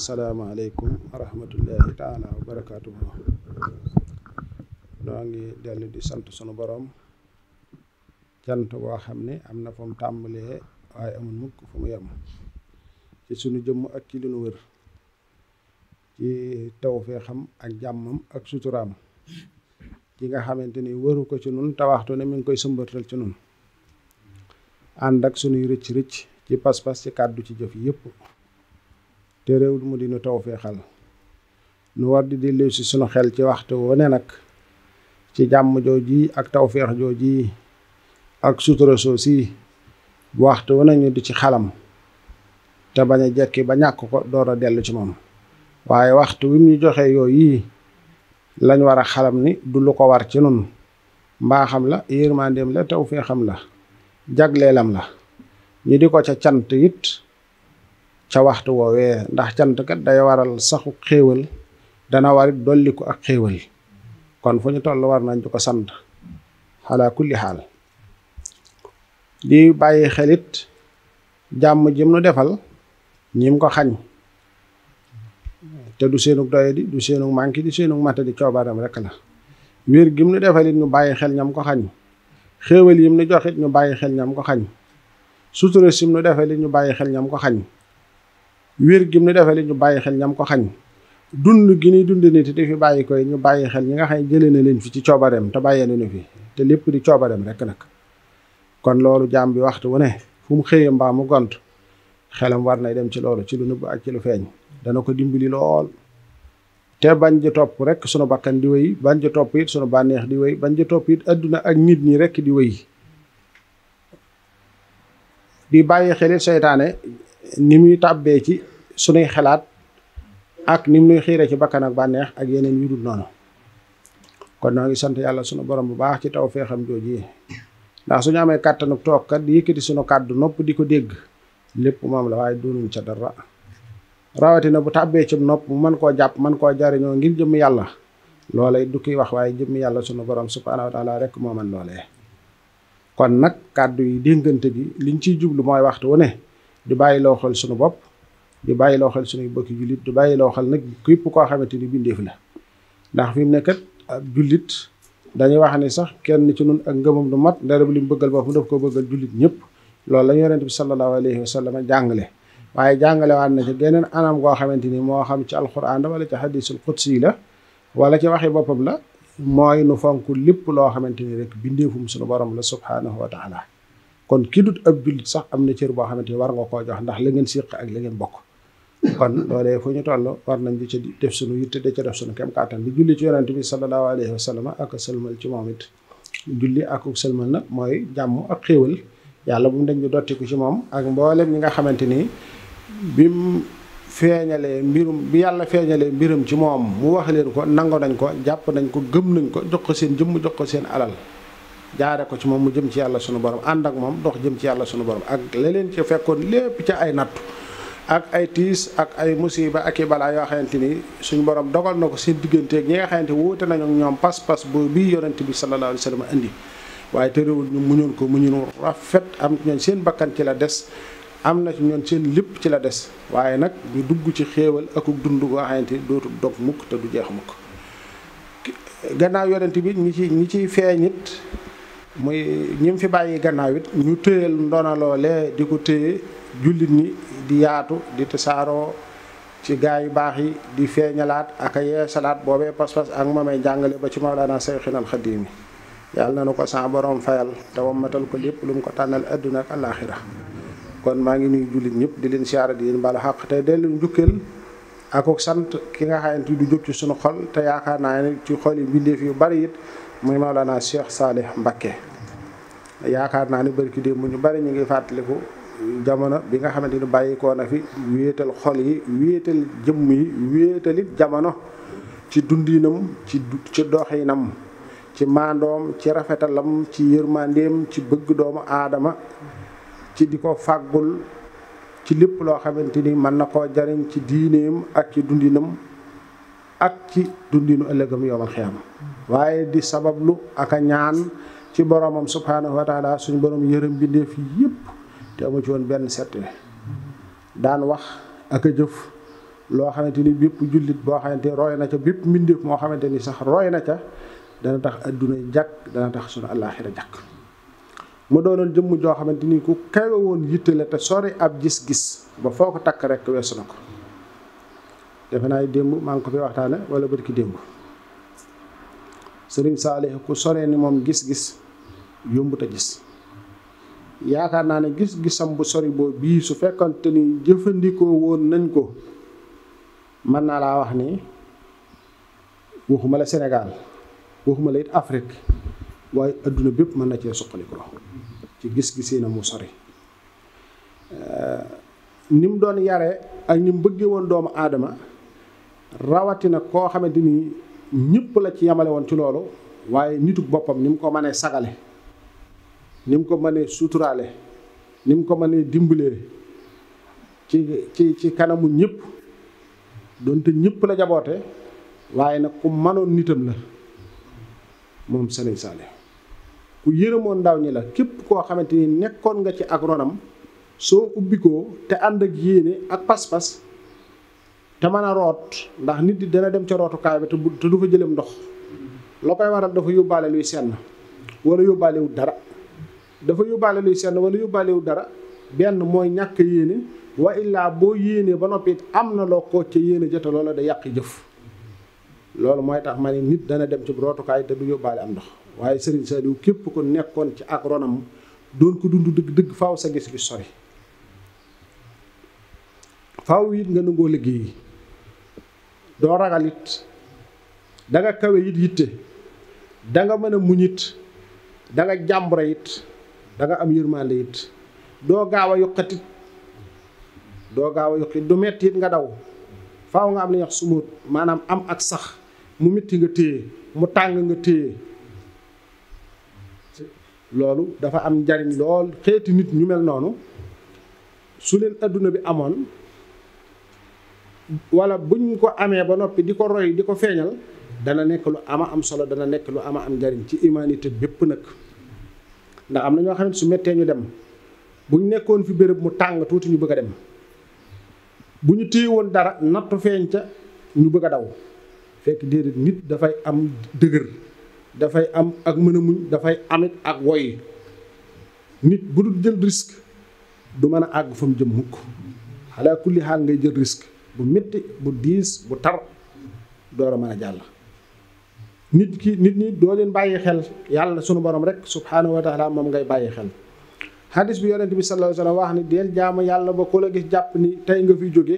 assalamu alaikum rahmatullahi taala wa barakaatuhu noo ngi di sant sunu borom jant bo xamne amna fam tambale way amul mukk fu mu ci sunu jëm ak ci li wër ci tawfeexam ak jammam ak suturam ci nga xamanteni wëru ko ci nun te ne mi ngi koy sëmbatal ci nun ànd ak sunuy rëcc ci pas-pas ci kaddu ci jëf yépp te réewul mu dinu taw feexal nu war di dellu ci sunu xel ci waxtu wone nak ci jamm joji ak tawféex joji ak sutura soosi waxtu wu ñu di ci xalam te baña jekki ba ñak ko door delu ci mom waye waxtu wi ñu joxe yi lañ wara xalam ni du lu ko war ci nun mbaaxam la yermandem la tawféexam la jaglelam la ñi di ko ca cyant it ca waxtu woowee ndax cant kat day waral saxu xéewal dana warit dolliku ak xéewal kon fu ñu toll war nañ di ko sant ala kulli xaal di bàyyi it jàmm jim nu defal ñim ko xañ te du seenug doye di du seenug manki di seenug mata di coobaram rek la wér gim nu defalit ñu bàyyi xel ñam ko xañ xéewal yim nu joxit ñu bàyyi xel ñam ko xañ sutura sim nu defalit ñu bàyyi xel ñam ko xañ wiir gi mu defee li ñu bàyyi xel ñam ko xañ dund gi ñuy dund nit di fi bàyyi koy ñu bàyyi xel ñi nga xam jëlee na leen fi ci coobareem te bàyyee nañu fi te lépp di coobareem rek nag kon loolu jaam bi waxtu wu ne fu mu xëyee mbaa mu gont xelam war nay dem ci loolu ci lu nëbb ak ci lu feeñ dana ko dimbali lool te bañ ji topp rek sunu bakkan di wéy bàñ ji topp it sunu bànneex di wéy bañ ji topp it adduna ak nit ñi rekk di wéy di bàyyi xel it ni muy tàbbee ci sunuy xalaat ak ni muy xiiree ci bakkan ak bànneex ak yeneen yu noonu kon noo ngi sant yàlla sunu borom bu baax ci taw feexam jooju ndax suñu amee kàttanu toog kat yëkkati sunu kàddu nopp di ko dégg lépp moom la waaye doonuñ ca dara rawatina bu tàbbee ci nopp mu mën koo jàpp mën koo jariñoo ngir jëmm yàlla loolee du koy wax waaye jëmm yàlla sunu borom subhaanahu wa taala rek moo mën loolee kon nag kàddu yi déngante bi liñ ciy jublu mooy waxtu wu ne di bàyyi loo xel suñu bopp di bàyyi loo xel sunu bokki jullit di bàyyi loo xel nag képp koo xamante ni bindeef la ndax fi mu nekkat jullit dañuy wax ni sax kenn ci nun ak ngëmam du mat ndarab bu lim bëggal boppam daf ko bëggal jullit ñëpp loolu la ñu bi sallallahu alayhi wa sallam jàngale waaye jàngale waat na ci geneen anam goo xamante ni moo xam ci alquran la wala ci hadisul qudsi la wala ci waxi boppam la mooy nu fonk lépp loo xamante ni rek bindeefum suñu borom la subhanahu wa taala kon ki dut ak jullit sax am na cër boo xamante ni war nga koo jox ndax la ngeen siq ak la ngeen bokk kon loolee fu ñu toll war nañ di ci def sunu yitte di ca def sunu kem kàttan di julli ci yonente bi sallallahu alayhi wa sallam ak sëlmal ci moom it julli ak sëlmal nag mooy jàmm ak xéewal yàlla bu mu dañ ñu dottiku ci moom ak mboolem ñi nga xamante ni bim feeñalee mbirum bi yàlla feeñalee mbiram ci moom mu wax leen ko nango nañ ko jàpp nañ ko gëm nañ ko jox ko seen jëmm jox ko seen alal jaare ko ci mom mu jëm ci yalla sunu borom and ak mom dox jëm ci yalla sunu borom ak leleen ci fekkoon lepp ci ay nat ak ay tis ak ay musiba ak bala yo yoo ni suñu borom dogal nako seen digeunte ak ñinga xamante wuute nañu ñom pas-pas bu bi yonent bi sallallahu alaihi wasallam andi waye waaye terewul ñu muñul ko muñul rafet am ñoon seen bakkan ci la des am na ci ñoon seen lepp ci la des waye nak ñu dugg ci xewal ak dund goo xamante ni dootul dog mukk te du jeex mukk gannaaw yonent bi ñi ci ñi ci feñit muy ñi fi bàyyi gannaaw it ñu téyal ndono di ko téye jullit ñi di yaatu di tasaaroo ci gaa yu baax yi di feeñalaat ak a yeesalaat boobee pas-pas ak moomee jàngale ba ci Mawlana Sayxinal Xadiim yàlla na nu ko sa borom fayal te wammatal ko lépp lu mu ko tànnal àdduna ak alaaxira kon maa ngi nuyu jullit ñëpp di leen siyaara di leen baalu xaq te dellu njukkal ak sant ki nga xamante du jóg ci sunu xol te yaakaar naa ne ci xol yi yu bari it. muy mawlana cheikh saleh mbakke yaakaar naa ni barkidi mu ñu bari ñu ngi fàttaliku jamono bi nga xamante ni bàyyi koo na fi wéetal xol yi wéetal jëmm yi wéetalit jamono ci dundinam ci ci doxinam ci mandoom ci rafetalam ci yërmandeem ci bëgg doomu aadama ci di ko fàggul ci lépp loo xamante ni mën na koo jariñ ci diineem ak ci dundinam ak ci dundinu ëllëgam yowal xiyaama waye di lu ak ñaan ci boromam subhanahu wa taala suñu borom bindé fi yépp té amu ci won ben sette daan wax ak jëf lo xamanteni bëpp julit bo xamanteni roy na ca bëpp mindé mo xamanteni sax roy na ca dana tax aduna jak dana tax suñu alakhirah jak mu doonoon jëm jo xamanteni ku kawé won yitté la té sori ab gis-gis ba foko tak rek wessu nako defenaay dembu ko fi wala barki dembu Sering saleh ku sore ni mom gis-gis yombu ta gis yaakar na ne gis-gisam bu sori bo bi su fekkante ni jëfandikoo won nañ ko man na la wax ni waxuma la Senegal, waxuma la it Afrique way aduna bepp man na cee ko ci gis-gisee na mu sori euh nim doon yare ak nim mu bëggee woon rawati na rawatina ñëpp la ci yamale woon ci loolu waaye nituk boppam ni mu ko mënee sagale ni mu ko mënee suuturaale ni mu ko mënee dimbalee ci ci ci kanamu ñëpp donte ñëpp la jaboote waaye nag ku mënoon nitam la moom Serigne Saliou ku yërëmoon ndaw ñi la képp koo xamante ni nekkoon nga ci ak ronam soo ubbikoo te ànd ak yéene ak pas-pas te mën a root ndax nit di dana dem ca rootukaay ba te du fa jëlem ndox loo koy waral dafa yóbbaale luy senn wala yóbbaalewut dara dafa yóbbaale luy senn wala yóbbaalewut dara benn mooy ñàkk yéene wa illaa boo yéenee ba noppi am na loo ko ca yéene jota loola da yàq jëf loolu mooy tax ma ne nit dana dem ci rootukaay te du yóbbaale am ndox waaye Serigne Saliou képp ko nekkoon ci ak ronam doon ko dund dëgg dëgg faaw sa gis-gis sori nga nangoo liggéey doo ragal it da nga kawe it yitte da mën a muñ it da nga it danga am yërmande it doo gaaw a yokkat doo gaaw a yokkat du metti it nga daw faw nga am li ñuy wax maanaam am ak sax mu metti nga téye mu tàng nga téye loolu dafa am njariñ lool xeeti nit ñu mel noonu su leen adduna bi amoon wala buñ ko amee ba noppi di ko roy di ko feeñal dana nekk lu ama am solo dana nekk lu ama am njariñ ci humanité bépp nag ndax am na ñoo xam ne su mettee ñu dem buñ nekkoon fi béréb mu tàng tuuti ñu bëgg a dem bu ñu téye woon dara nattu feeñ ca ñu bëgg a daw fekk déedéet nit dafay am dëgër dafay am ak mën a muñ dafay amit ak woy nit bu dul jël risque du mën a àgg fa mu jëm mukk xalaa kulli xaal ngay jël risque bu métti bu diis bu tar door a mën a jàll nit ki nit ñi doo leen bàyyi xel yàlla sunu borom rek subhaanahu wa taala moom ngay bàyyi xel hadis bi yonent bi sallallahu alayhi wa sallam wax ni deel jaamu yàlla ba ku la gis jàpp ni tey nga fi jóge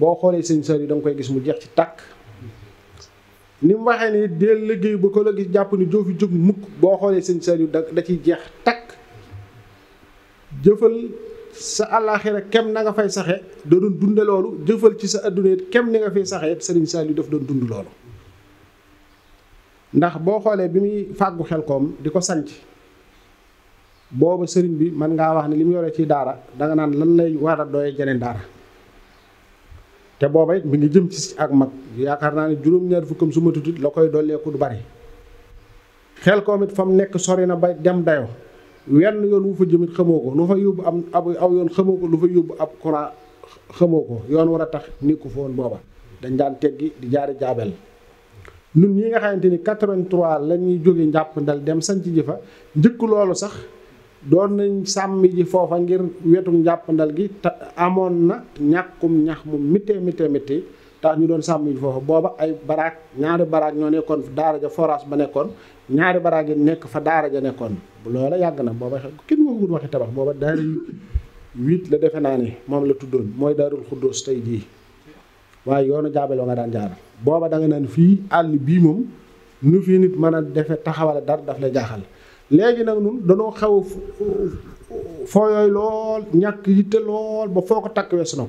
boo xoolee seen sër yi da nga koy gis mu jeex ci tàkk ni mu waxee ni deel liggéey ba ku la gis jàpp ni doo fi jóg mukk boo xoolee seen sër yi da da ciy jeex tàkk jëfal sa àllaaxira kem na nga fay saxe da doon dunde loolu jëfal ci sa adduna it kem ni nga fay saxe it sax Saliou def doon dund loolu ndax boo xoolee bi muy fàggu xel koom di ko sanc booba sëriñ bi mën ngaa wax ne li mu yore ci daara danga naan lan lay war a doye jeneen daara te booba it mi ngi jëm ci ak mag yaakaar naa ne juróom-ñaar fukkam su ma tutut la koy dolleeku du bari xel it fa mu nekk sori na ba dem dayoo wenn yoon wu fa jëmit xamoo ko nu fa yóbbu am ab aw ko lu fa yóbbu ab courant xamoo ko yoon war a tax nekku fa woon booba dañ daan teggi di jaari jaabel nun ñi nga xamante ni 83 la ñuy jóge njàpp dem sanc ji fa njëkk loolu sax doon nañ sàmmi ji foofa ngir wetu njàppandal gi te amoon na ñàkkum ñax mu mitee mitee mitee tax ñu doon sàmm foofu booba ay baraak ñaari baraak ñoo nekkoon daara ja forage ba nekkoon ñaari baraak yi nekk fa daara ja nekkoon loola yàgg na booba kenn waxagul waxi tabax booba daara yi la defe naa ne moom la tuddoon mooy daarul xuddoos tey jii waaye yoonu jaabel wa nga daan jaar booba da nga naan fii àll bii moom nu fii nit mën a defe taxawale dar daf la jaaxal léegi nag ñun danoo xaw fooyooy lool ñàkk yitte lool ba foo ko takk weesu na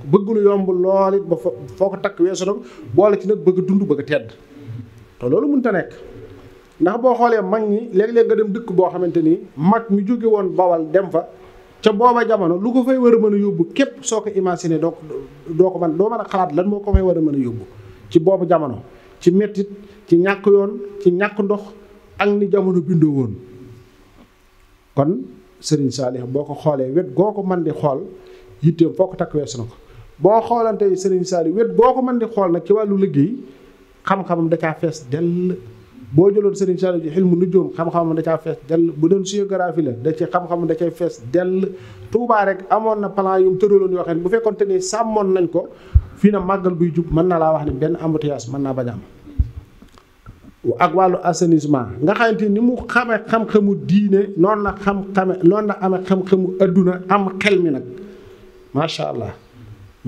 yomb lool it ba foo ko takk weesu na ko boole ci nag bëgg dund bëgg tedd te loolu mënta nekk ndax boo xoolee mag ñi léeg-léeg nga dem dëkk boo xamante ni mag mi jóge woon bawal dem fa ca booba jamono lu ko fay war a mën a yóbbu képp soo ko imaginer doo doo ko man doo mën a xalaat lan moo ko fay war a mën a yóbbu ci boobu jamono ci mettit ci ñàkk yoon ci ñàkk ndox ak ni jamono bindoo woon Serigne Saliou boo ko xoolee wet goo ko mën di xool yitteem foo ko takk weesu na ko boo xoolantee Serigne Saliou wet goo ko mën di xool nag ci wàllu liggéey xam-xamam da caa fees dell. boo jëloon Serigne Saliou ji xilmu nujum xam-xamam da caa fees dell bu doon géographie la da ci xam-xamam da cay fees dell. Touba rek amoon na plan yu mu tëraloon yoo xam ne bu fekkoonte ni sàmmoon nañ ko fii na màggal buy jub mën naa laa wax ne benn embouteillage mën naa bañ a am. ak wàllu assenisement nga xamante ni mu xamee xam-xamu diine noon na xam-xame noonu la amee xam-xamu adduna am xel mi nag macha allah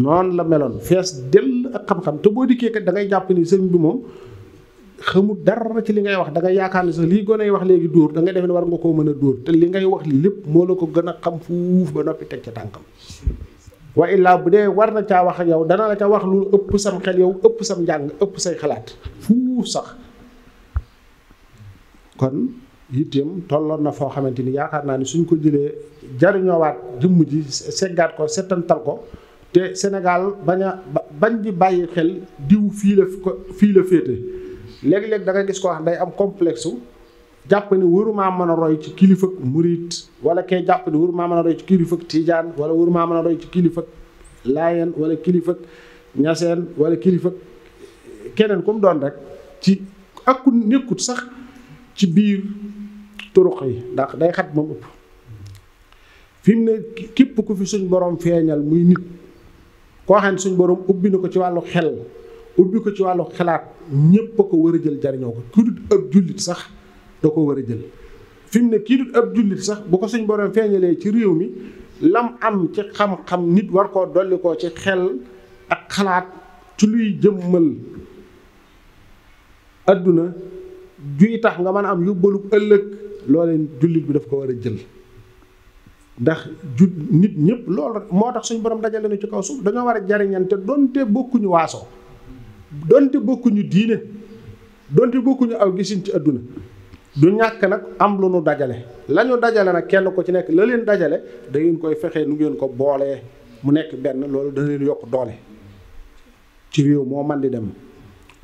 noon la meloon fees dell ak xam-xam te boo dikkee kat da ngay jàpp ni sëñ bi moom xamul dara ci li ngay wax da ngay yaakaar ne sax lii gone yi wax léegi dóor da ngay defe ne war nga koo mën a dóor te li ngay wax lépp moo la ko gën a xam fuuf ba noppi teg ca tànkam. wa illaa bu dee war na caa wax ak yow dana la ca wax lu ëpp sam xel yow ëpp sam njàng ëpp say xalaat fuuf sax. kon yitteem tolloon na foo xamante ni yaakaar naa ni suñ ko jëlee jariñoowaat jëmm ji seggaat ko settantal ko te Sénégal bañ a bañ di bàyyi xel diw fii la fii la féete léeg-léeg da nga gis ko xam day am complexe jàpp ni warumaa mën a roy ci kilifa murit wala kee jàpp ni warumaa mën a roy ci kilifa Tijaan wala warumaa mën a roy ci kilifa Laayeen wala kilifa Ñaseen wala kilifa keneen ku doon rek ci ak nekkut sax. ci biir turuq yi ndax day xat moom ëpp fi mu ne képp ku fi suñ boroom feeñal muy nit koo xam ne suñ borom ubbi na ko ci wàllu xel ubbi ko ci wàllu xalaat ñépp a ko war a jël jariñoo ko ku dut sax da ko war a jël fi mu ne kii dut ab jullit sax bu ko suñ borom feeñalee ci réew mi lam am ci xam-xam nit war koo dolli koo ci xel ak xalaat ci luy jëmmal àdduna juy tax nga mën am yóbbalu ëllëg loolee jullit bi daf ko war a jël ndax ju nit ñëpp loolu moo tax suñu borom dajale na ci kaw suuf dañoo war a jariñante donte bokkuñu waaso donte bokkuñu diine donte bokkuñu aw gisin ci àdduna du ñàkk nag am lu nu dajale la ñu dajale nag kenn ko ci nekk la leen dajale da ngeen koy fexee nu ngeen ko boolee mu nekk benn loolu da leen yokk doole ci réew moo man di dem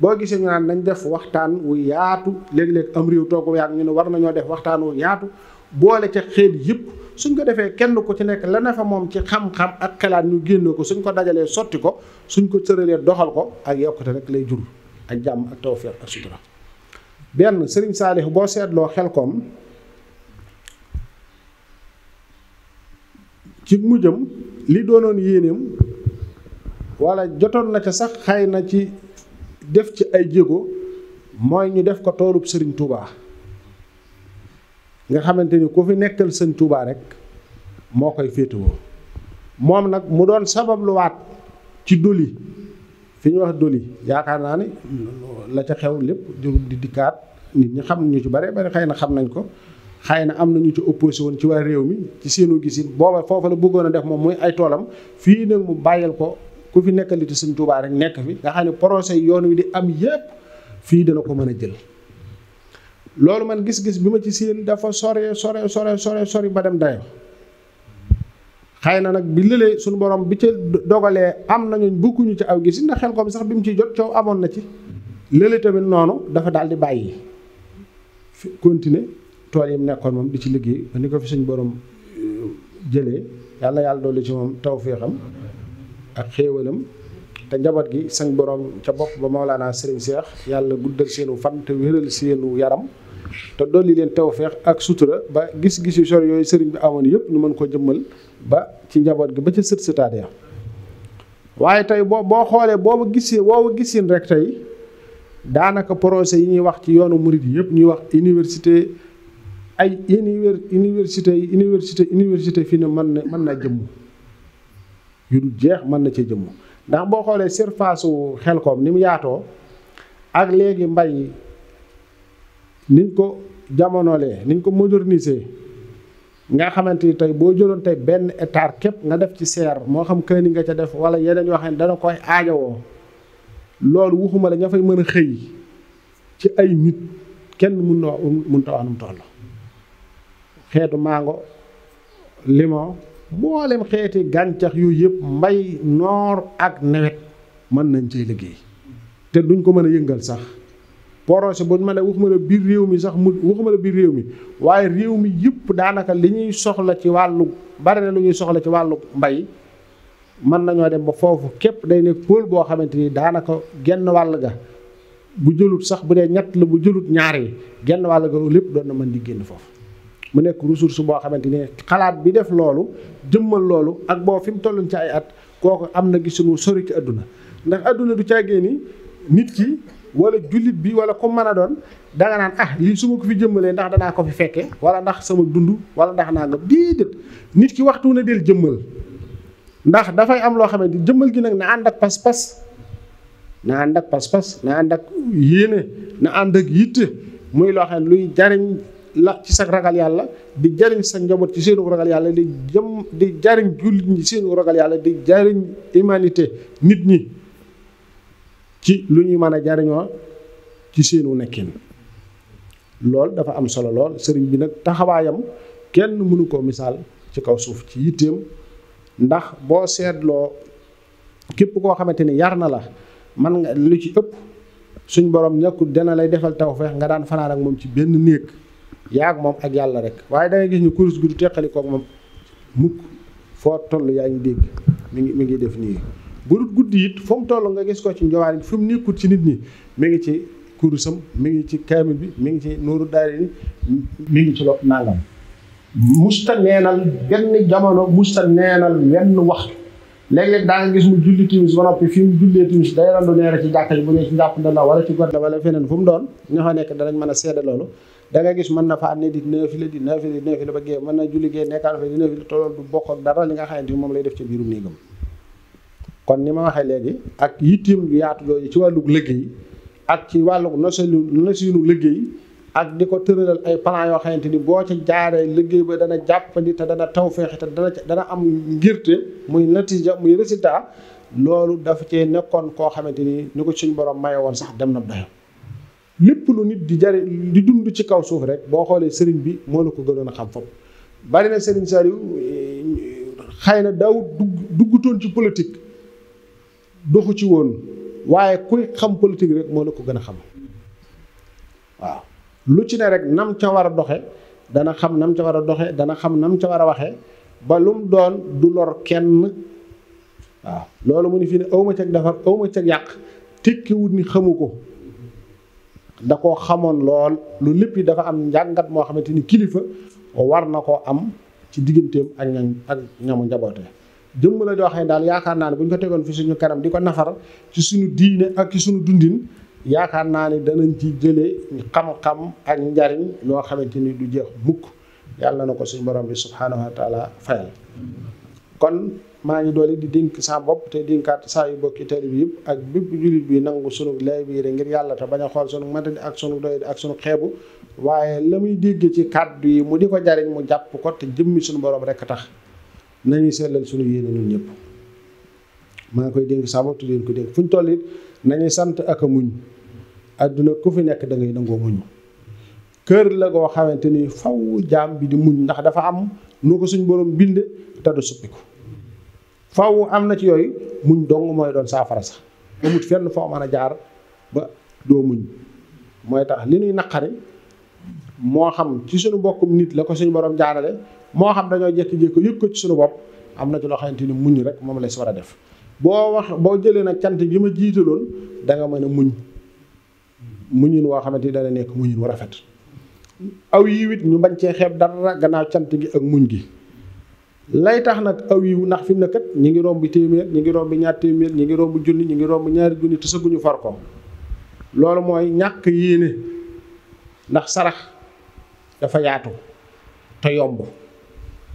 boo gisee ñu naan nañ def waxtaan wu yaatu léeg-léeg am réew toog yaatu ñu ne war nañoo def waxtaan wu yaatu boole ca xeet yëpp suñ ko defee kenn ko ci nekk la ne fa moom ci xam-xam ak xelaat ñu génne ko suñ ko dajalee sotti ko suñ ko sëralee doxal ko ak yokkute rek lay jur ak jàmm ak tawfeex ak sutura benn Serigne Saliou boo seetloo Xelkom ci mujjam li doonoon yéeneem wala jotoon na ca sax xay na ci def ci ay jéego mooy ñu def ko toolub sëriñ Touba nga xamante ni ku fi nekkal sëñ Touba rek moo koy féetewoo moom nag mu doon sabab luwaat ci doli fi ñu wax doli yaakaar naa ni la ca xew lépp jurub di dikkaat nit ñi xam ñu ci bare bare xëy na xam nañ ko xëy na am na ñu ci opposé woon ci waa réew mi ci seenu gisin booba foofa la bëggoon a def moom muy ay toolam fii nag mu bàyyil ko ku fi nekkaliti suñ Tuubaa rek nekk fi nga xam ne projet yoon wi di am yépp fii dana ko mën a jël loolu man gis-gis bi ma ci seen dafa sore sore sore sore sori ba dem dayo xëy na nag bi lëlee suñu borom bi ca dogalee am nañu bukkuñu ci aw gis ndax xel ko sax bi mu ciy jot coow amoon na ci lële tamit noonu dafa daal di bàyyi fi continuer tool yi mu nekkoon moom di ci liggéey ni ko fi suñu borom euh, jëlee yàlla yàlla dolli ci moom tawfeexam ak xéewalam te njaboot gi sañ borom ca bopp ba naa Serigne Cheikh yàlla guddal seenu fan te wéral seenu yaram te dolli leen feex ak sutura ba gis-gis yu sori yooyu sëriñ bi amoon yëpp nu mën ko jëmmal ba ci njaboot gi ba ca sët sëtaat ya waaye tey boo boo xoolee boobu gisee woowu gisin rek tey daanaka projet yi ñuy wax ci yoonu murid yëpp ñuy wax université ay université université université fii ne mën na mën na jëmm yu dul jeex mën na cee jëmm ndax boo xoolee surface su Xelkom ni mu yaatoo ak léegi mbay niñ ko jamonolee niñ ko moderniser nga xamante ni tey boo jëloon tey benn hectare képp nga def ci serre moo xam këni nga ca def wala yeneen yoo xam ne dana koy aajowoo loolu waxuma la ña fay mën a xëy ci ay nit kenn mun na wax nu mu toll xeetu mango limon mboolem xeeti gàncax yooyu yëpp mbay noor ak nawet mën nañ cay liggéey te duñ ko mën a yëngal sax projet bu ma ne waxuma na biir réew mi sax mu waxuma la biir réew mi waaye réew mi yëpp daanaka li ñuy soxla ci wàllu bari na lu ñuy soxla ci wàllu mbay mën nañoo dem ba foofu képp day nekk pôle boo xamante ni daanaka genn wàll ga bu jëlut sax bu dee ñett la bu jëlut ñaar yi genn wàll ga lépp doon na mën di génn foofu. mu nekk ressource boo xamante ne xalaat bi def loolu jëmmal loolu ak boo fi mu tolluñ ci ay at kooku am na gisunu sori ci àdduna ndax àdduna du caagee ni nit ki wala jullit bi wala ku mën a doon danga naan ah lii su ko fi jëmmalee ndax danaa ko fi fekkee wala ndax sama dund wala ndax naa nga déedéet nit ki waxtu na del jëmmal ndax dafay am loo xamante ni jëmmal gi nag na ànd ak pas-pas na ànd ak pas-pas na yéene na ànd ak yitte muy loo xam ne luy jariñ la ci sa ragal yalla di jariñ sa njaboot ci seenu ragal yalla di jëm di jariñ jullit ni seenu ragal yalla di jariñ humanité nit ñi ci lu ñuy mëna a ci seenu nekkin lool dafa am solo lool sëriñ bi nak taxawayam kenn mënu ko misal ci kaw suuf ci yitem ndax bo sétlo képp ko xamanteni ni yar na la man nga lu ci ëpp suñ borom ñàkkul dana lay defal tawfex nga daan fanaan ak mom ci benn neek yaag moom ak yàlla rek waaye da ngay gis ñu kurus gi du teqali koog moom mukk foo toll yaa ngi dégg mi ngi mi ngi def nii bu dul guddi it fu mu toll nga gis ko ci njowaar fi mu nekkul ci nit ñi mi ngi ci kurusam mi ngi ci kaamil bi mi ngi ci nuuru daari ni mi ngi ci lo nangam musta neenal benn jamono musta neenal wenn waxtu léeg-léeg daa nga gis mu julli timis ba noppi fi mu jullee timis day randu neera ci jàkka yi bu dee ci njàpp nde la wala ci gor la wala feneen fu doon ña fa nekk danañ mën a seede loolu da gis mën na fa ne di naafila di naafila di naafila ba gee mën na julli gee nekkaat fa di naafila tolool du bokk ak dara li nga xamante ni moom lay def ci biirum néegam kon ni ma waxee léegi ak yittim yaatu jooju ci wàllu liggéey ak ci wàllu nosinu nosinu liggéey ak di ko tëralal ay plan yoo xamante ni boo ci jaaree liggéey ba dana jàppandi te dana taw feexe te dana dana am ngirte muy natija muy résiltat loolu dafa cee nekkoon koo xamante ni ni ko suñ borom maye woon sax dem na doyo lépp lu nit di jari di dund ci kaw suuf rek boo xoolee sëriñ bi moo la ko gënoon a xam foofu bari na sëriñ yu xëy na daw dugg duggutoon ci politique doxu ci woon waaye kuy xam politique rek moo la ko gën a xam waaw lu ci ne rek nam ca war a doxe dana xam nam ca war a doxe dana xam nam ca war a waxee ba lu doon du lor kenn waaw loolu mu ni fii ne awma cag defar awma cag yàq tekkiwut ni xamu ko da koo xamoon lool lu lépp dafa am njàngat moo xamante ni kilifa war na koo am ci digganteem ak ña ak ñamu njaboote jëmm la joo xam daal yaakaar naa ne bu ñu ko tegoon fi suñu kanam di ko nafar ci suñu diine ak ci suñu dundin yaakaar naa ne danañ ci jële xam-xam ak njariñ loo xamante ni du jeex mukk yàlla na ko suñu borom bi subhaanahu wa fayal kon maa ngi doole di dénk saa bopp te dénkaat saa yu bokki tari bi ak bépp jullit bi nangu sunu lay biire ngir yàlla te bañ a xool sunu matadi ak sunu doyadi ak sunu xeebu waaye la muy dégg ci kàddu yi mu di ko jariñ mu jàpp ko te jëmmi sunu borom rek tax nañuy sellal sunu yéene ñun ñëpp maa ngi koy dénk saa bopp te leen ko dénk fu ñu toll it nañuy sant ak a muñ àdduna ku fi nekk da ngay dangoo muñ kër la goo xamante ni faw jaam bi di muñ ndax dafa am nu ko suñ boroom bind te du suppiku faw am na ci yooyu muñ dong mooy doon saafara sax foo mën a jaar ba doo mooy tax li nuy naqari moo xam ci suñu mbokkum nit la ko suñu borom jaarale moo xam dañoo jékki-jékki yëg ko ci suñu bopp am na ci loo xamante ni muñ rek moom la si war a def boo wax boo jëlee nag cant bi ma jiitaloon danga nga mën a muñ muñin wo xamanteni ni dana nek muñin wu rafet aw yiw it ñu bañ ci xeb dara gannaaw cant gi ak muñ gi lay tax nak aw yiw nak fi nak kat ñi ngi romb téeméer ñi ngi romb ñaar téeméer ñi ngi romb jooni ñi ngi romb ñaar jooni te seguñu far ko loolu mooy ñàkk yéene ndax sarax dafa yaatu te yomb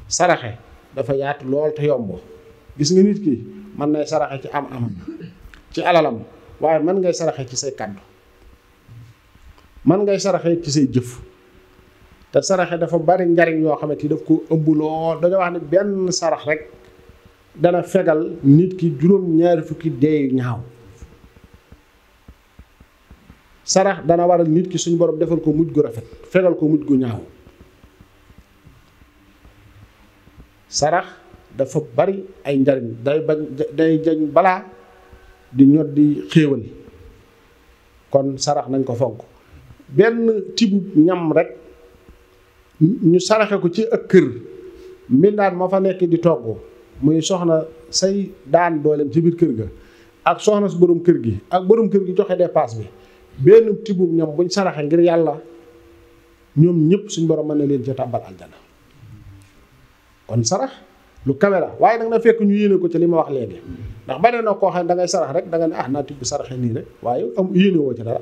saraxé dafa yaatu lool te yomb gis nga nit ki man nay saraxé ci am am ci alalam waye man ngay saraxé ci say kaddu man ngay saraxe ci say jëf te saraxe dafa bari njariñ yoo xamante ni daf ko ëmb lool dañoo wax benn sarax rek dana fegal nit ki juróom-ñaari fukki deeyu ñaaw sarax dana waral nit ki suñu borom defal ko mujj gu rafet fegal ko mujj gu ñaaw sarax dafa bari ay njariñ day bañ day jañ balaa di ñot di xéewal kon sarax nañ ko fonk benn tibu ñam rek ñu saraxe ko ci ak kër mbindaan ma fa nekk di togg muy soxna say daan dooleem ci biir kër ga ak soxna si borom kër gi ak borom kër gi joxe paas bi benn tibu ñam buñ saraxe ngir yàlla ñoom ñëpp suñ borom mën na leen ca tàbbal aljana kon sarax lu kawe la waaye nag na fekk ñu yéene ko ci li ma wax léegi ndax bare na koo xam ne da ngay sarax rek da nga ne ah naa tibb saraxe nii rek waaye am yéene woo ci dara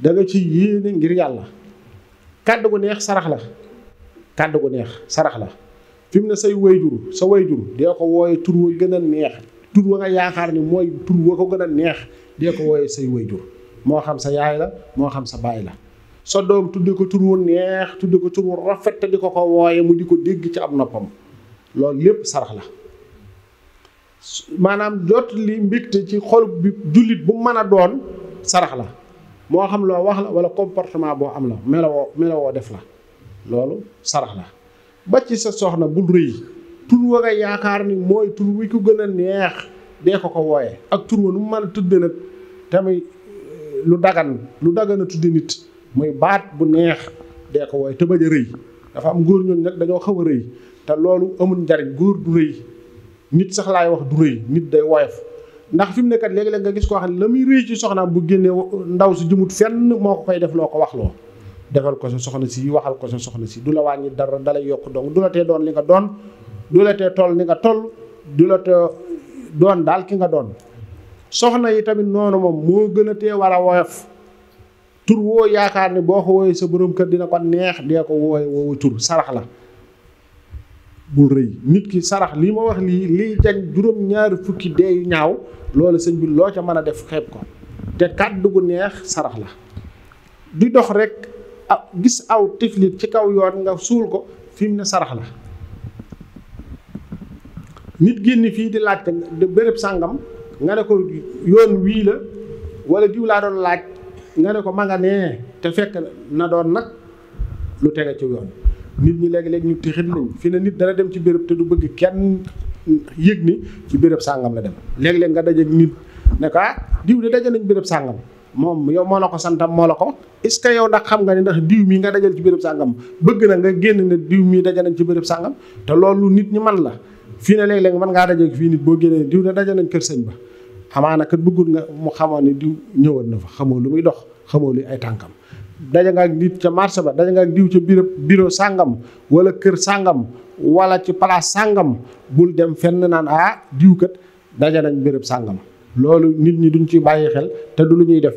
da nga ci yéene ngir yàlla kàdd gu neex sarax la kàdd gu neex sarax la fi mu ne say wayjur sa wayjur dee ko wooye tur wa gën a neex tur wa nga yaakaar ni mooy tur wa ko gën a neex dee ko wooye say wayjur moo xam sa yaay la moo xam sa baay la soo doom tudde ko tur wu neex tudd ko tur wu rafet te di ko ko wooye mu di ko dégg ci ab noppam loolu lépp sarax la maanaam jot li mbégte ci xol bi jullit bu mën a doon sarax la moo xam loo wax la wala comportement boo am la melawoo melawoo def la loolu sarax la ba ci sa soxna bul rëy tur wa nga yaakaar ni mooy tur wi ku gën a neex dee ko ko wooyee ak tur wa nu mu mën a tudde nag tamit eh, lu dagan lu dagan a nit muy baat bu neex dee ko wooyee te ba a rëy dafa am góor ñooñu dañoo xaw a rëy te loolu amul njariñ góor du rëy nit sax laay wax du rëy nit day woyof ndax fi mu nekkat léegi-léeg nga gis koo xam ne la muy réy ci soxnaam bu génnee ndaw si jëmut fenn moo ko koy def loo ko wax loo defal ko sa soxna si waxal ko sa soxna si du la wàññi dara dalay yokk donc du la tee doon li nga doon du la tee toll li nga toll du la tee doon daal ki nga doon soxna yi tamit noonu moom moo gën a te war a woyof tur woo yaakaar ne boo ko wooyee sa borom kër dina ko neex dee ko wooye woowu tur sarax la bul rëy nit ki sarax li ma wax lii lii jañ juróom-ñaari fukki deeyu ñaaw loolu sëñ bi loo ca mën a def xeeb ko te kàddu gu neex sarax la di dox rekk ab gis aw tiflit ci kaw yoon nga suul ko fi mu ne sarax la nit génn fii di laaj de bërëb sàngam nga ne ko yoon wii la walla diw laa doon laaj nga ne ko ma te fekk na doon nag lu tege ci yoon nit ñi léegi-léegi ñu tixit nañ fi ne nit dana dem ci béréb te du bëgg kenn yëg ni ci béréb sàngam la dem léegi-léeg nga daje nit ne ko ah, diw de daje nañ béréb sàngam moom yow moo ko santam moo la ko est-ce que yow ndax xam nga ne ndax diw mii nga dajal ci béréb sàngam bëgg na nga génn ne diw mii daje nañ ci béréb sàngam te loolu nit ñi man la fii ne léegi-léeg mën ngaa daje fii nit boo génnee diw ne daje nañ kër sëñ ba xamaana kat bëggul nga mu xamoon ne diw ñëwoon na fa xamoo lu muy dox xamoo lu ay tànkam dajé nga ak nit ci marché ba dajé nga ak diw biro sangam wala kër sangam wala ci place sangam bul dem fenn nan ah diw kat dajé nañ béréb sangam loolu nit ñi duñ ci bayyi xel té du lu ñuy def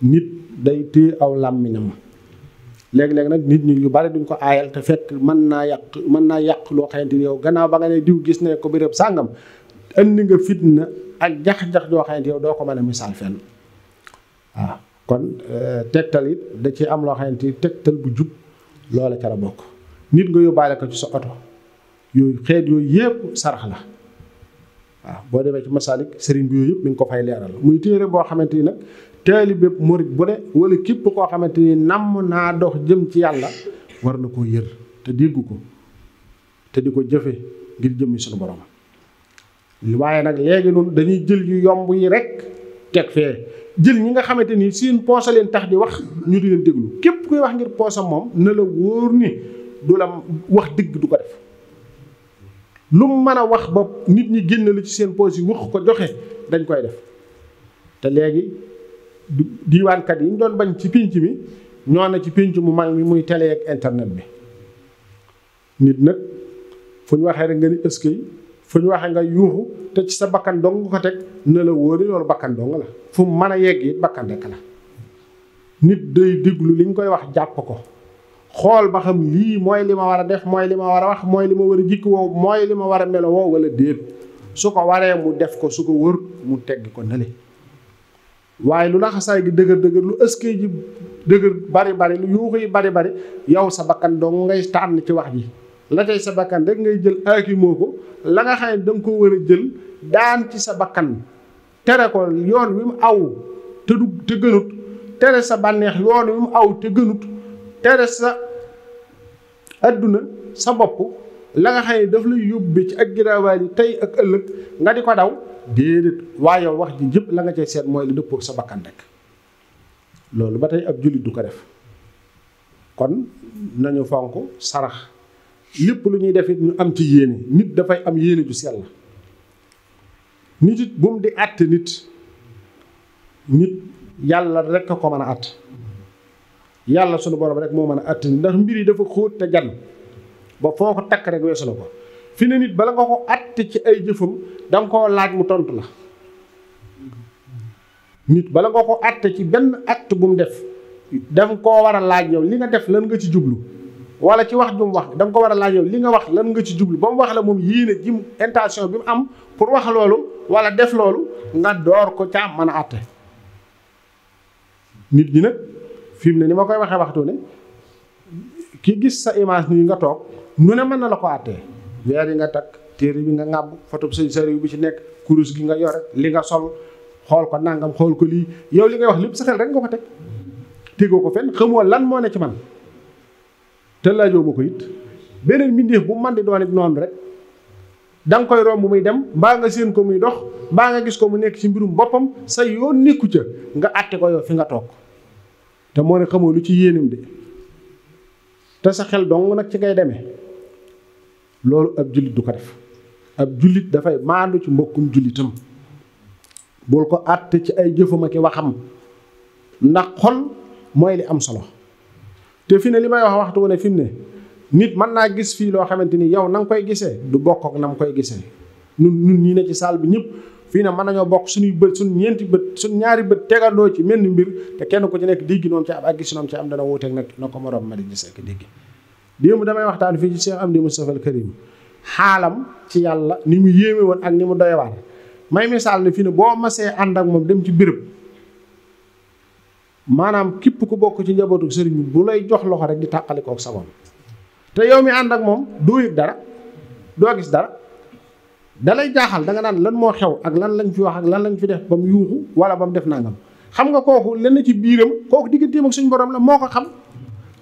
nit day té aw laminam léeg-léeg nak nit ñi yu bari duñ ko ayal té fekk man na yaq man na yaq lo xamante yow gannaaw ba nga né diw gis né ko sangam andi nga fitna ak jax-jax do xamante yow do ko mëna misal fenn ah kon eh, tegtal it da ci am loo xamante ni tegtal bu jub loola ca la bokk nit nga yóbbaale ko ci sa oto yooyu xeet yooyu yëpp sarax la waaw boo demee ci masalik sëriñ bi yooyu yëpp mi ngi ko fay leeral muy téere boo xamante ni nag taali bépp murit bu ne wala képp koo xamante ni namm naa dox jëm ci yàlla war na koo yër te dégg ko te di ko jëfe ngir jëmmi suñu borom waaye nag léegi noonu dañuy jël yu yomb yi rek teg fee jël ñi nga xamante ni seen poosa leen tax di wax ñu di leen déglu képp ku kuy wax ngir poosa moom na la wóor ni du la wax dëgg du ko def lu mu mën a wax ba nit ñi génn lu ci seen poos yi wax ko joxe dañ koy def te léegi diiwaankat yi ñu doon bañ ci pénc mi ñoo na ci pénc mu mag mi muy télé ak internet bi nit nag fu ñu waxee rek nga ni ëskey fu ñu waxee nga yuuxu te ci sa bakkan dong ko teg ne la wóori loolu bakkan dong la fu mu mën a yegg it bakkan rek la nit day diglu li ñu koy wax jàpp ko xool ba xam lii mooy li ma war a def mooy li ma war a wax mooy li ma war a jikk woo mooy li ma war a melo woo wala déet su ko waree mu def ko su ko wër mu tegg ko nële waaye lu laxasaay gi dëgër dëgër lu ëskee ji dëgër bari bari lu yuuxu yi bari bari yow sa bakkan dong ngay tànn ci wax ji la sa bakkan ngay jël aaki moo ko nga xam ne da nga ko war a jël daan ci sa bakkan tere ko yoon wi mu aw te du te gënut tere sa bànneex yoon wi mu aw te gënut tere sa àdduna sa bopp la nga xam ne daf lay yóbbee ci ak giraawaay yi tey ak ëllëg nga di ko daw déedéet waaye wax ji yëpp la nga cay seet mooy li dëppoo sa bakkan rek loolu ba tey ab jullit du ko def kon nañu fonk sarax yépp lu ñuy def it ñu am ci yéene nit dafay am yéene ju sell nit it bu mu di àtte nit nit yàlla rekk a ko mën a àtt yàlla sunu borom rek moo mën a àtt nit ndax mbir yi dafa xóot te jan ba foo ko takk rek weesu la ko fi ne nit bala nga ko àtte ci ay jëfam danga koo laaj mu tontu la nit bala nga ko àtte ci benn acte bu mu def danga koo war a laaj ñëw li nga def lan nga ci jublu wala ci wax jum wax da nga ko war a laaj yow li nga wax lan nga ci jublu ba mu wax la moom yéene jim intention bi mu am pour wax loolu wala def loolu nga door ko caa mën a àtte nit ñi nag fi mu ne ni ma koy waxee waxtu ne ki gis sa image nii nga toog nu ne mën na la ko àttee weer yi nga takk téere bi nga ŋàbb photo bi sa bu ci nekk kurus gi nga yore li nga sol xool ko nangam xool ko lii yow li ngay wax lépp sa xel rek nga ko teg tegoo ko fenn xamoo lan moo ne ci man te laajoo ma ko it beneen mbindéef bu man di doon it noonu rek danga koy romb muy dem baa nga séen ko muy dox baa nga gis ko mu nekk ci mbirum boppam sa yoon nekku ca nga àtte ko yow fi nga toog te moo ne xamoo lu ci yéenam de te sa xel dong nag ci ngay demee loolu ab jullit du ko def ab jullit dafay maandu ci mbokkum jullitam bul ko àtte ci ay jëfam ak waxam ndax xol mooy li am solo te fii ne li may wax waxtu wu ne fi mu ne nit man naa gis fii loo xamante ni yow na nga koy gisee du bokk ak na mu koy gisee ñun ñun ñi ne ci saal bi ñëpp fii ne mën nañoo bokk suñuy bët suñ ñeenti bët suñ ñaari bët tegandoo ci mel ni mbir te kenn ku ci nekk diggi noom ci am ak gis noom ci am dana wuuteeg nag na ko moroom ma di gisee ak diggi démb damay waxtaan fii ci Cheikh Amdi Moustapha al Karim xaalam ci yàlla ni mu yéeme woon ak ni mu doy waar may misaal ne fii ne boo masee ànd ak moom dem ci béréb manam képp ku bokk ci njabotu sëriñ bi bu lay jox loxo rek di tàqali kook sabam te yow mi ànd ak do doo dara do gis dara dalay jaxal da nga nan lan mo xew ak lan lañ fi wax ak lan lañ fi def bam yuxu wala bam def nangam xam nga kooku len ci biram kooku digganteem ak suñ borom la moko xam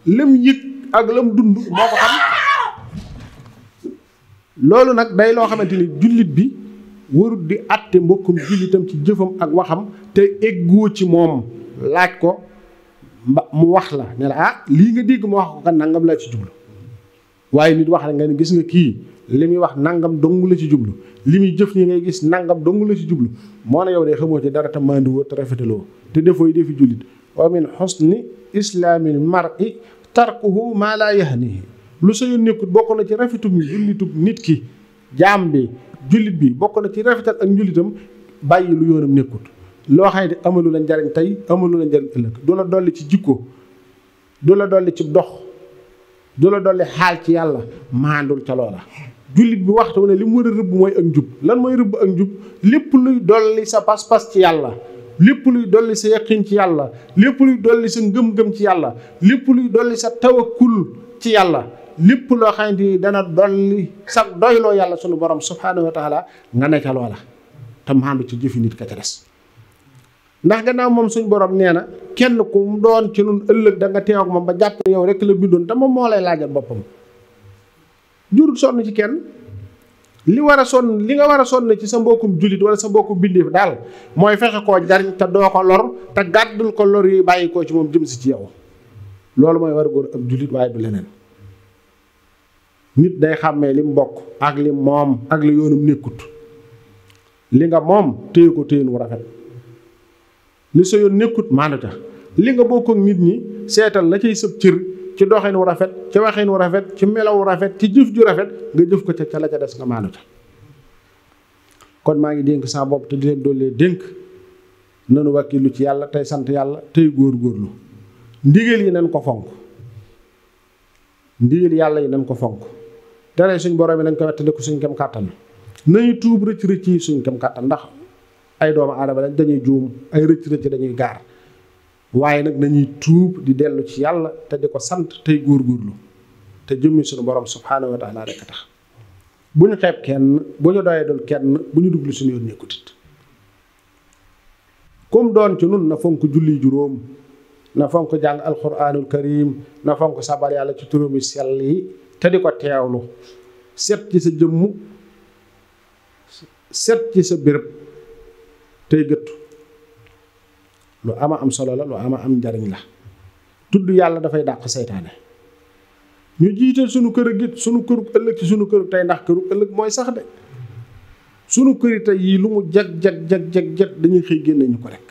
lam yëg ak lam dund moko xam lolou nak day lo xamanteni julit bi warut di bo mbokum julitam ci jëfam ak waxam te eggoo ci mom laaj ko mba mu wax la ne la ah, lii nga dégg ma wax ko kan nangam laa ci jublu waaye nit wax la nga ne gis nga kii li muy wax nangam dong la ci jublu li muy jëf nii ngay gis nangam dongu la ci jublu moo ne yow de xamoo ci dara te mandiwoo te rafetaloo te defooy defi jullit wa min xusni islaamil mar'i tarkuhu maa laa yahnihi lu sa yoon nekkut bokk na ci rafetum jullitub nit ki jaam bi jullit bi bokk na ci rafetal ak njullitam bàyyi lu yoonam nekkut loo xam amalu la njariñ tey amalu la njariñ ëllëg du la dolli ci jikko du la dolli ci dox du la dolli xaal ci yàlla maandul ca loola jullit bi waxtu ne li mu war a rëbb mooy ak njub lan mooy rëbb ak njub lépp luy dolli sa pas-pas ci yàlla lépp luy dolli sa yaqin ci yàlla lépp luy dolli sa ngëm-ngëm ci yàlla lépp luy dolli sa tawakkul ci yàlla lépp loo xamante ni dana dolli sa doyloo yàlla sunu borom subhaanahu wa nga nekk loola te maandu ci jëfi nit ka ca ndax gannaaw moom suñ boroom nee na kenn ku mu doon ci nun ëllëg danga nga moom ba jàpp yow rek la bindoon te moom moo lay laajal boppam jurut sonn ci kenn li war a sonn li nga war a sonn ci sa mbokkum jullit wala sa mbokkum bindéef daal mooy fexe koo jariñ te doo ko lor te gàddul ko lor yi bàyyi koo ci moom jëm si ci yow loolu mooy war a góor ab jullit waaye du leneen nit day xàmmee lim bokk ak lim moom ak li yoonum nekkut li nga moom téye ko wu rafet li sa yoon nekkut maanduta li nga bokk nit ñi seetal la cay sëb cër ci doxin wu rafet ci waxin wu rafet ci melawu rafet ci jëf ju rafet nga jëf ko ca ca la ca des nga ca kon maa ngi dénk saa bopp te di leen doolee dénk nanu wàkkilu ci yàlla tey sant yàlla tey góor-góorlu ndigal yi nañ ko fonk ndigal yàlla yi nañ ko fonk tere suñ borom yi nañ ko wettaliku suñ kem kàttan nañu tuub rëcc rëcc suñ kem kàttan ndax ay doomu aadama lañ dañuy juum ay rëcc rëcc dañuy gaar waaye nag nañuy tuub di dellu ci yàlla te di ko sant tey góor góorgóorlu te jëmmi suñu borom subhaanahu wa taala rekk tax bu ñu xeeb kenn bu ñu doyadul kenn bu ñu duglu suñu yoon nekkutit kum doon ci nun na fonk julli juróom na fonk jàng alquranul karim na fonk sabar yàlla ci turam yu sell yi te di ko teewlu set ci sa jëmm set ci sa béréb tey gëttu lu ama am solo la lu ama am njariñ la tudd yàlla dafay dàq seytaane ñu jiital sunu kër gi sunu këru ëllëg ci sunu këru tey ndax këru ëllëg mooy sax de sunu këri tey yii lu mu jag jag jag jag jag dañuy xëy génne ñu ko rek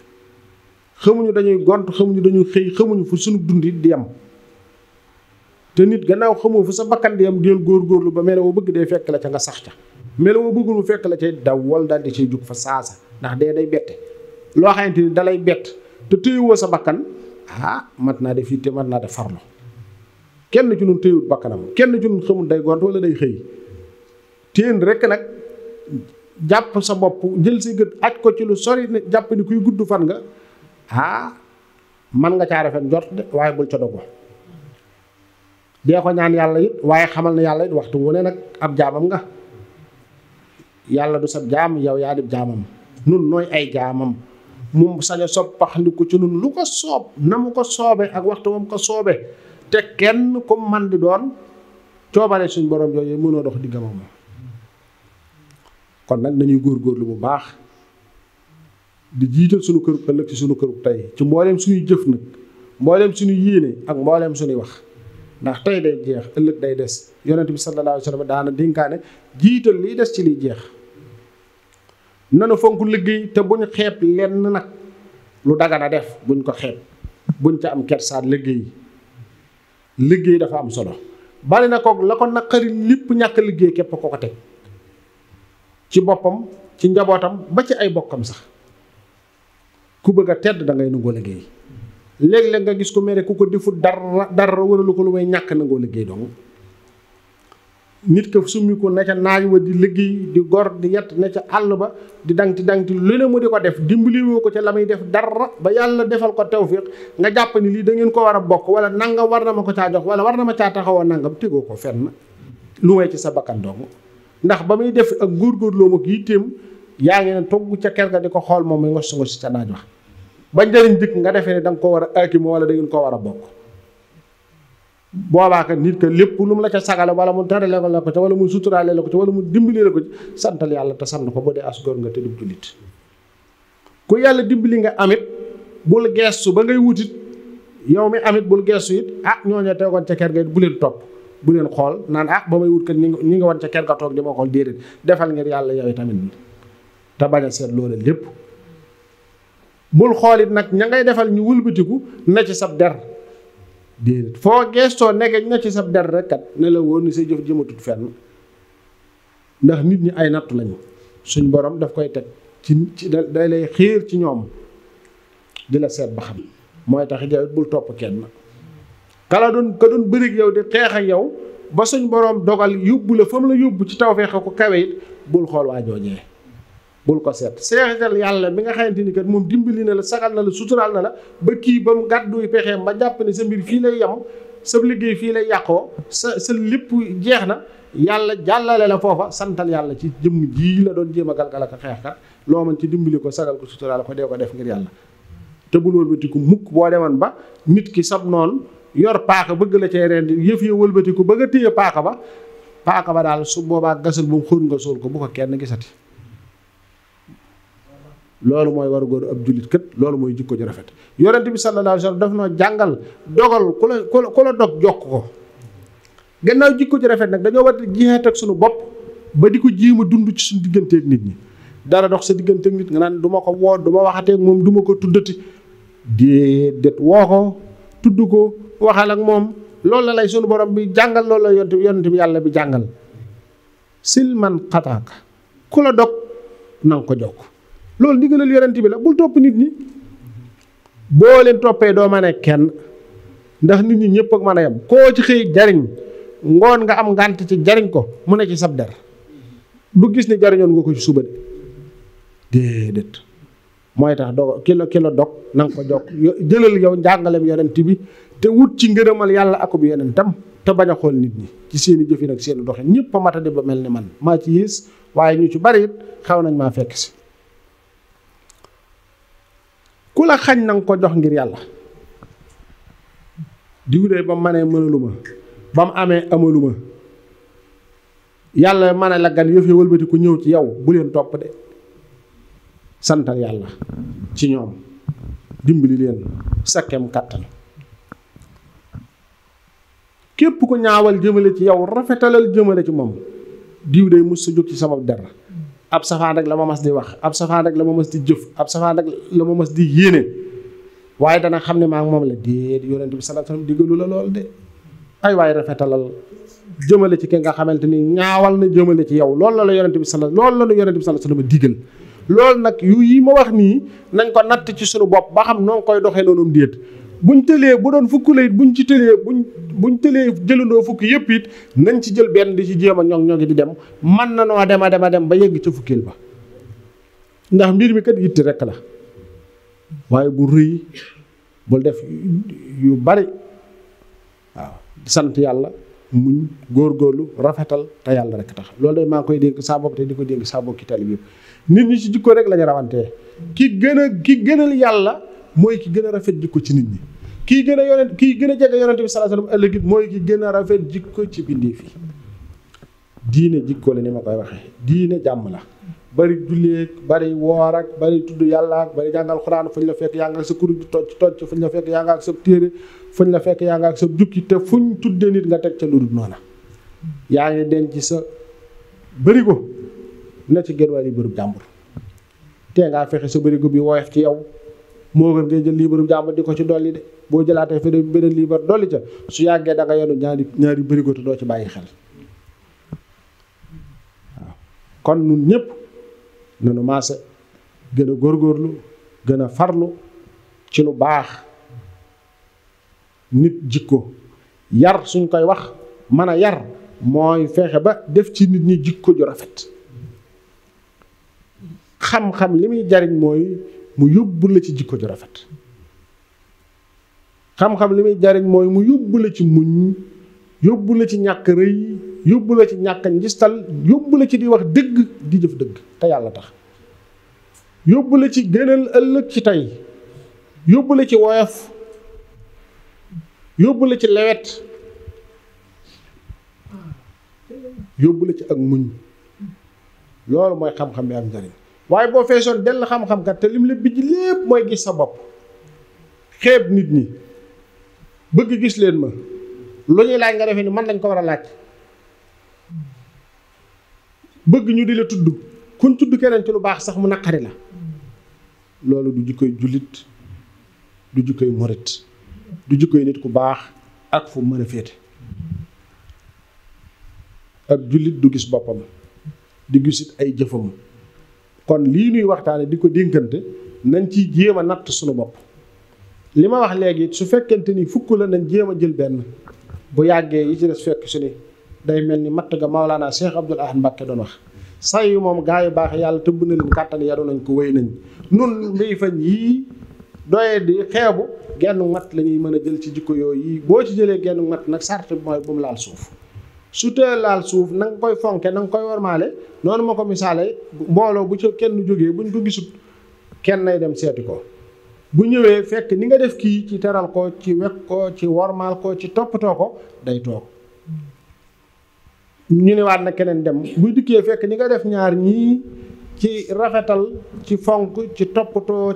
xamuñu dañuy gont xamuñu dañuy xëy xamuñu fu sunu dund it di yem te nit gannaaw xamoo fu sa bakkan di yem del góor góorlu ba mel ne bëgg dee fekk la ca nga sax ca melo woo bëggul mu fekk la cay dawal daal di cay jug fa saasa ndax dee day bett loo xamante ni dalay bett te téyewoo sa bakkan ah mat naa def yitte mat naa def farlu kenn ci ñun téyewut bakkanam kenn ci ñun xamul day day xëy téen rek nag jàpp sa bopp jël si gët aj ko ci lu sori ne jàpp ni kuy gudd fan nga ah man nga caa rafet njort de waaye bul ca dogo dee ko ñaan yàlla it waaye xamal na yàlla it waxtu wu ne nag ab jaamam nga yàlla du sab jaam yow yaa di jaamam nun nooy ay jaamam mu sañ a sob paxandiku ci nun lu ko soob na mu ko soobe ak waxtu moom ko soobe te kenn ku man di doon coobare suñ borom yooyu mënoo dox digga moom kon nag nañuy góorlu bu baax di jiital suñu kërug ëllëg ci suñu kërug tey ci mbooleem suñuy jëf nag mbooleem suñu yéene ak mbooleem suñuy wax ndax tey day jeex ëllëg day des yonent bi sallallahu alayhi wa sallam daana dénkaane jiital liy des ci liy jeex nanu fonk liggéey te buñ xeeb lenn nag lu dagana def buñ ko xeeb buñ ca am kersaat liggéey liggéey dafa am solo bari na kook la ko naqari lépp ñàkk liggéey képp ko ko teg ci boppam ci njabootam ba ci ay bokkam sax ku bëgg a tedd da ngay nangoo liggéey léeg-léeg nga gis ko mere ku ko defut dara dara waralu ko lu may ñàkk nangoo liggéey dong nit ka summi ko na ca naaj wa di liggi di gor di yett na ca all ba di dangti dangti lu ne di ko def dimbali wo ko ca lamay def dar ba yalla defal ko tawfiq nga japp ni li da ngeen ko wara bok wala nanga war na ma jox wala war na ma ca taxaw nangam tigo ko fenn lu way ci sa bakkan dong ndax ba def ak góorgóorloo ak yitteem yaa nga ne togg ca kel ga di ko xol mom muy ngos ngos ca naaj wax ba dañ dik nga defene dang ko wara a wala da ngeen ko wara bok boobaa kat nit ka lépp lu mu la ca sagale wala mu terale la ko ca wala mu suturaale la ko ca wala mu dimbali la ko ci santal yàlla te sant ko ba dee as góor nga te jullit ku yàlla li nga amit bul geestu ba ngay wutit yow mi amit bul geestu it ah ñooñu tegoon ca ker ga bu leen topp bu leen xool naan ah ba may wut kat ñi nga ñi woon ca kër ga toog di ma xool déedéet defal ngir yàlla yow tamit te bañ a seet loolu lépp bul xool it nag ña ngay defal ñu wëlbatiku na ci sab der déedéet foo geestoo nekk na ci sab der rekkat kat ne la woon ni say jëf jëmatut fenn ndax nit ñi ay nattu lañu suñ borom daf koy teg ci ci day lay xiir ci ñoom di la seet ba xam mooy tax jawit bul topp kenn kala doon ka doon bërig yow di xeex ak yow ba suñ boroom dogal yóbbu la fa mu la yóbbu ci tawfeex ko kawe it bul xool waa joojee bul ko seet seetal yàlla bi nga xamante ni kat moom dimbali na la sagal na la suturaal na la ba kii ba mu gàddu pexeem ba jàpp ne sa mbir fii lay yem sa liggéey fii lay yàqoo sa sa lépp jeex na yàlla jàllale la foofa santal yàlla ci jëmm jii la doon jéem a galgal ak xeex kat loo mën ci dimbali ko sagal ko suturaal ko dee ko def ngir yàlla te bul wëlbatiku mukk boo demoon ba nit ki sab noon yor paaka bëgg la cay rend yëf ya wëlbatiku bëgg a téye paaka ba paaka ba daal su boobaa gasal bu mu nga suul ko bu ko kenn gisati lolu moy war a ab julit kat lolu moy jikko ji rafet yaronte bi sallallahu alaihi wasallam dafno jangal dogal ku la dog jokk ko gennaw jikko ji rafet nak dañu war jihad ak sunu bop ba diko jima dundu ci nit ñi dara dox sa digganteeg nit nga nan duma ko wo duma waxate ak mom duma ko tuddati déedéet woo ko tuddu ko waxal ak mom lolu la lay sunu borom bi jangal lolu la bi yalla bi jangal silman qataka kula dok dog ko jokk Lol digalal yonent bi la bul top nit ñi bo leen topé do mané kenn ndax nit ñi ñepp ak mané yam ko ci xey jariñ ngon nga am ngant ci jariñ ko mu ne ci sab du gis ni jariñoon nga ko ci suba de déedéet mooy tax do kilo kilo dok nang ko dok jëlal yow njàngalem yonent bi te wut ci yalla ak bu yonentam te bañ a nit ñi ci seen i nak seen i ba melni man ma ci yees waye ñu ci bari xaw nañ ma fekk ci ku la xañ na ko jox ngir yàlla diwdee ba manee mënaluma ba mu amee amaluma yàlla mane la gan yëf yi wëlbati ku ñëw ci yow bu leen topp de santal yàlla ci ñoom dimbali leen sa kem kàttan képp ku ñaawal jëmale ci yow rafetalal jëmale ci moom diw mu mus ci sabab der ab safaan rek la ma mas di wax ab safaan rek la ma mas di jëf ab safaan rek la ma mas di yéene waaye dana xam ne maa moom la déet yonent bi sallallahu alayhi wasallam diggalu la lool de ay waaye rafetalal jëmale ci ki nga xamante ni ñaawal na jëmale ci yow loolu la la yonent bi sallallahu loolu la la yonent bi sallallahu alayhi wasallam diggal loolu nag yu yi ma wax nii nañ ko natt ci suñu bopp ba xam noo koy doxee noonu déet buñ tëlee bu doon fukk la it buñ ci tëlee buñ buñ tëlee jëlandoo fukk yëpp it nañ ci jël benn di ci jéem a ñoŋ ñoŋi di dem man na noo dem dema dem dem ba yegg ca fukkil ba ndax mbir mi kat yitte rek la waaye bu rëy bul def yu bari waaw sant yàlla muñ góorgóorlu rafetal te yàlla rekk tax loolu day maa koy dénk saa bopp te di ko dénk saa bokki tali bi nit ñi ci jikko rek la ñu ki gën ki gënal yàlla mooy ki gën a rafet jikko ci nit ñi kii gën a yonent kii gën a jege yonent bi sallallahu alayhi wa sallam ëllëg it mooy gën a rafet jikko ci bindéef yi diine jikko la ni ma koy waxee jàmm la bari julleeg bari woor ak bari tudd yàlla ak jàngal xuraan fuñ la fekk yaa nga ak sa kur di tocc tocc fuñ la fekk yaa ak sa téere fuñ la fekk yaa ak sa jukki te fuñ tuddee nit nga teg ca lu yaa ngi denc sa bërigo na ci genn wàllu bërëb jàmbur te ngaa fexe sa bërigo bi woyof ci yow moo gën ngay jël liibaru jàmbur di ko ci dolli de boo jëlaatee feneen beneen liibar dolli ca su yàggee danga nga yenu ñaari ñaari bërigo te doo ci bàyyi xel waaw kon nun ñëpp nanu maase gën a góor góorlu gën a farlu ci lu baax nit jikko yar suñ koy wax mën a yar mooy feexe ba def ci nit ñi jikko ju rafet xam-xam li muy jariñ mooy mu yóbbu la ci jikko ju rafet xam-xam li muy jariñ mooy mu yóbbu la ci muñ yóbbu la ci ñàkk rëy yóbbu la ci ñàkk njistal yóbbu la ci di wax dëgg di jëf dëgg te yàlla tax yóbbu la ci gënal ëllëg ci tey yóbbu la ci woyof yóbbu la ci lewet yóbbu la ci ak muñ loolu mooy xam-xam bi ak njariñ waye bo feesoon del xam-xam kat te lim la bijj lepp moy gis sa bop xeb nit ni bëgg gis leen ma lu ñuy laaj nga defee ni man lañ ko wara bëgg ñu di la tuddu kun tuduk keneen ci lu baax sax mu naqari la loolu du jikkoy julit du jikkoy morit du jikkoy nit ku baax ak fu mëna fété ak julit du gis boppam di gisit ay jëfam kon lii nuy waxtaane di ko dénkante nañ ci jéem a natt suñu bopp li ma wax léegi su fekkente ni fukk la nañ jéem a jël benn bu yàggee yi ci des fekk su ni day mel ni matt nga Maolana Cheikh Abdoul Ahad Mbacké doon wax say moom gaa yu baax yàlla tëbb na leen kàttan yaru nañ ko wéy nañ nun mbay fañ yii doye di xeebu genn mat lañuy mën a jël ci jikko yooyu yi boo ci jëlee genn matt nag sart mooy bu mu laal suuf su tee laal suuf na nga koy fonke na nga koy warmaale noonu mako ko mbolo bu ci kenn jógee buñ ko gisut kenn lay dem seeti ko bu fekk ni nga def ki ci teral ko ci wekk ko ci wormal ko ci toppatoo ko day tok ñu ni waat na kenen dem bu dikké fekk ni nga def ñaar ñi ci rafetal ci fonk ci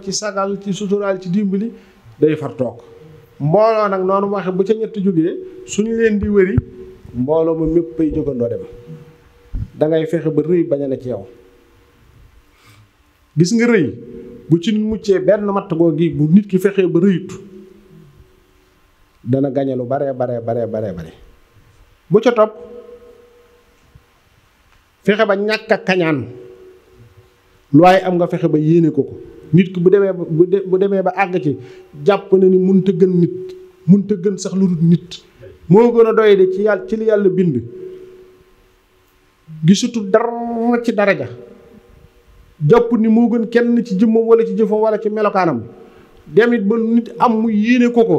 ci sagal ci sutural ci dimbali day far tok mbolo nak noonu waxe bu ca ñett jógee suñu leen di wëri mbooloo mu mépp ay jógandoo dem dangay fexe ba rëy bañ na ci yow gis nga rëy bu ci muccee benn matt gi bu nit ki fexee ba rëyut dana gañe lu bare bare bare bare bare bu ca topp fexe ba ñàkk a kañaan lu waaye am nga fexe ba yéene ko ko nit ki bu demee demee ba àgg ci jàpp na ni munta gën nit munta gën sax lu dul nit moo gën a doy de ci yàlla ci yàlla bind gisutu dara ci daraja jàpp ni moo gën kenn ci jëmmam walla ci jëfam wala ci melokaanam demit ba nit am mu yéene ko ko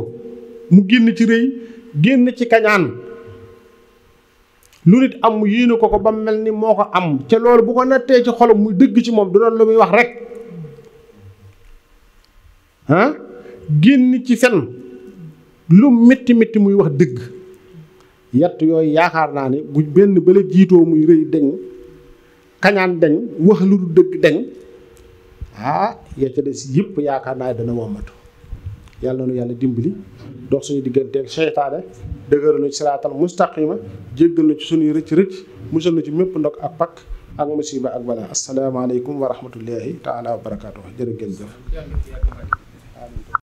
mu génn ci rëy génn ci kañaan lu nit am mu yéene ko ko ba mel ni moo ko am ca loolu bu ko nattee ci xolam muy dëgg ci moom du doon lu muy wax rek ah génn ci fen lu metti metti muy wax dëgg yett yooyu yaakaar naa ne bu benn bële jiitoo muy rëy deñ kañaan deñ wax lu du dëgg deñ ah ya ca des yëpp yaakaar naa dana wommatu yàlla nu yàlla dimbali dox suñu digganteeg seytaane dëgëral na ci siraatal mustaqima jéggal na ci suñuy rëcc rëcc musal na ci mépp ndog ak pakk ak musiba ak bala asalaamaaleykum wa rahmatullahi taala wa barakaatu jërë ngeen jëf